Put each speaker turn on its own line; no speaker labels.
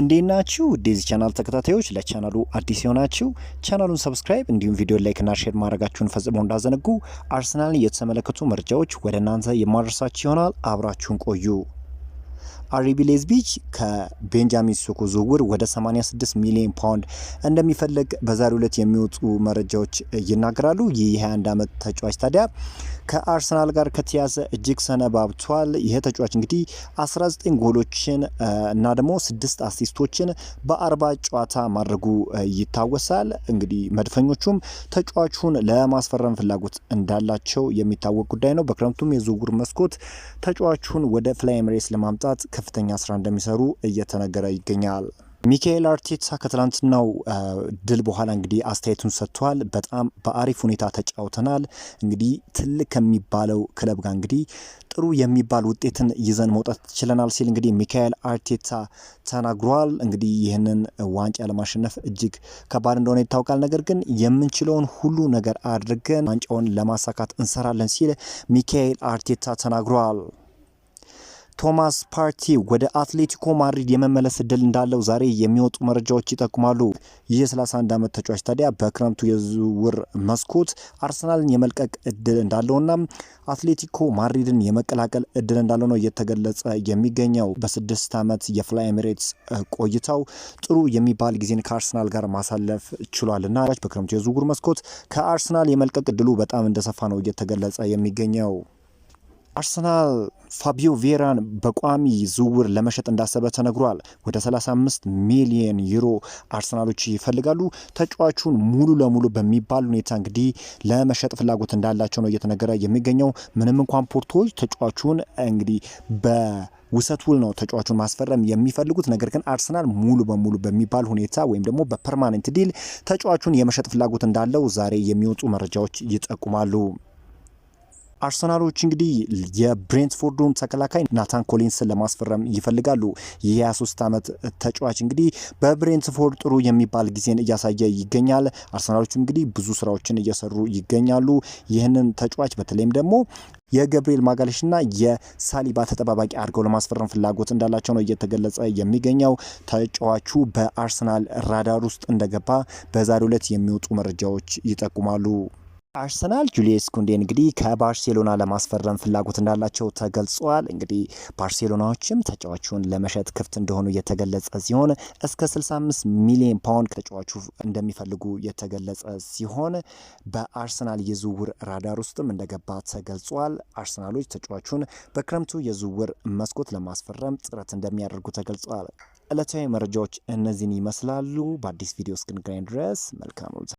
እንዴት ናችሁ? ዴዚ ቻናል ተከታታዮች፣ ለቻናሉ አዲስ የሆናችሁ ቻናሉን ሰብስክራይብ እንዲሁም ቪዲዮ እና ሼር ማድረጋችሁን ፈጽሞ እንዳዘነጉ። አርሰናልን የተመለከቱ መረጃዎች ወደ እናንተ የማደርሳችሁ ይሆናል። አብራችሁን ቆዩ። አርቢ ሌዝቢች ከቤንጃሚን ሱኩ ዝውውር ወደ 86 ሚሊዮን ፓውንድ እንደሚፈልግ በዛሬው ዕለት የሚወጡ መረጃዎች ይናገራሉ። ይህ የ21 ዓመት ተጫዋች ታዲያ ከአርሰናል ጋር ከተያዘ እጅግ ሰነባብቷል። ይህ ተጫዋች እንግዲህ 19 ጎሎችን እና ደግሞ ስድስት አሲስቶችን በአርባ ጨዋታ ማድረጉ ይታወሳል። እንግዲህ መድፈኞቹም ተጫዋቹን ለማስፈረም ፍላጎት እንዳላቸው የሚታወቅ ጉዳይ ነው። በክረምቱም የዝውውር መስኮት ተጫዋቹን ወደ ፍላይ ኤምሬትስ ለማምጣት ከፍተኛ ስራ እንደሚሰሩ እየተነገረ ይገኛል። ሚካኤል አርቴታ ከትላንትናው ድል በኋላ እንግዲህ አስተያየቱን ሰጥቷል። በጣም በአሪፍ ሁኔታ ተጫውተናል። እንግዲህ ትልቅ ከሚባለው ክለብ ጋር እንግዲህ ጥሩ የሚባል ውጤትን ይዘን መውጣት ችለናል ሲል እንግዲህ ሚካኤል አርቴታ ተናግሯል። እንግዲህ ይህንን ዋንጫ ለማሸነፍ እጅግ ከባድ እንደሆነ ይታወቃል። ነገር ግን የምንችለውን ሁሉ ነገር አድርገን ዋንጫውን ለማሳካት እንሰራለን ሲል ሚካኤል አርቴታ ተናግሯል። ቶማስ ፓርቲ ወደ አትሌቲኮ ማድሪድ የመመለስ እድል እንዳለው ዛሬ የሚወጡ መረጃዎች ይጠቁማሉ። ይህ የ31 ዓመት ተጫዋች ታዲያ በክረምቱ የዝውውር መስኮት አርሰናልን የመልቀቅ እድል እንዳለውና አትሌቲኮ ማድሪድን የመቀላቀል እድል እንዳለው ነው እየተገለጸ የሚገኘው። በስድስት ዓመት የፍላይ ኤሚሬትስ ቆይታው ጥሩ የሚባል ጊዜን ከአርሰናል ጋር ማሳለፍ ችሏልና በክረምቱ የዝውውር መስኮት ከአርሰናል የመልቀቅ እድሉ በጣም እንደሰፋ ነው እየተገለጸ የሚገኘው። አርሰናል ፋቢዮ ቬራን በቋሚ ዝውውር ለመሸጥ እንዳሰበ ተነግሯል። ወደ 35 ሚሊየን ዩሮ አርሰናሎች ይፈልጋሉ። ተጫዋቹን ሙሉ ለሙሉ በሚባል ሁኔታ እንግዲህ ለመሸጥ ፍላጎት እንዳላቸው ነው እየተነገረ የሚገኘው። ምንም እንኳን ፖርቶች ተጫዋቹን እንግዲህ በ ውሰት ውል ነው ተጫዋቹን ማስፈረም የሚፈልጉት። ነገር ግን አርሰናል ሙሉ በሙሉ በሚባል ሁኔታ ወይም ደግሞ በፐርማኔንት ዲል ተጫዋቹን የመሸጥ ፍላጎት እንዳለው ዛሬ የሚወጡ መረጃዎች ይጠቁማሉ። አርሰናሎች እንግዲህ የብሬንትፎርዱን ተከላካይ ናታን ኮሊንስን ለማስፈረም ይፈልጋሉ። የ23 ዓመት ተጫዋች እንግዲህ በብሬንትፎርድ ጥሩ የሚባል ጊዜን እያሳየ ይገኛል። አርሰናሎች እንግዲህ ብዙ ስራዎችን እየሰሩ ይገኛሉ። ይህንን ተጫዋች በተለይም ደግሞ የገብርኤል ማጋለሽና የሳሊባ ተጠባባቂ አድርገው ለማስፈረም ፍላጎት እንዳላቸው ነው እየተገለጸ የሚገኘው። ተጫዋቹ በአርሰናል ራዳር ውስጥ እንደገባ በዛሬው ዕለት የሚወጡ መረጃዎች ይጠቁማሉ። አርሰናል ጁሊየስ ኩንዴ እንግዲህ ከባርሴሎና ለማስፈረም ፍላጎት እንዳላቸው ተገልጿል። እንግዲህ ባርሴሎናዎችም ተጫዋቹን ለመሸጥ ክፍት እንደሆኑ የተገለጸ ሲሆን እስከ 65 ሚሊዮን ፓውንድ ተጫዋቹ እንደሚፈልጉ የተገለጸ ሲሆን በአርሰናል የዝውውር ራዳር ውስጥም እንደገባ ተገልጿል። አርሰናሎች ተጫዋቹን በክረምቱ የዝውውር መስኮት ለማስፈረም ጥረት እንደሚያደርጉ ተገልጿል። ዕለታዊ መረጃዎች እነዚህን ይመስላሉ። በአዲስ ቪዲዮ እስክንገናኝ ድረስ መልካም